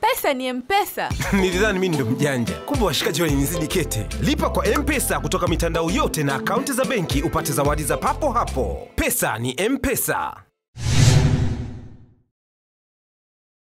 pesa ni mpesa. Nilidhani mii ndo mjanja, kumbe washikaji walinizidi kete. Lipa kwa mpesa kutoka mitandao yote na akaunti za benki upate zawadi za papo hapo. Pesa ni mpesa.